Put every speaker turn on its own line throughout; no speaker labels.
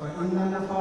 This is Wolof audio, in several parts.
waaye am naa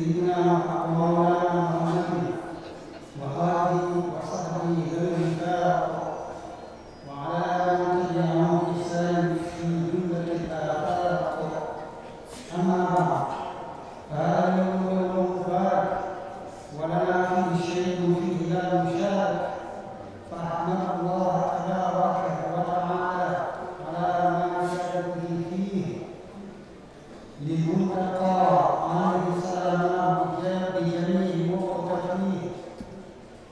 Sayyidina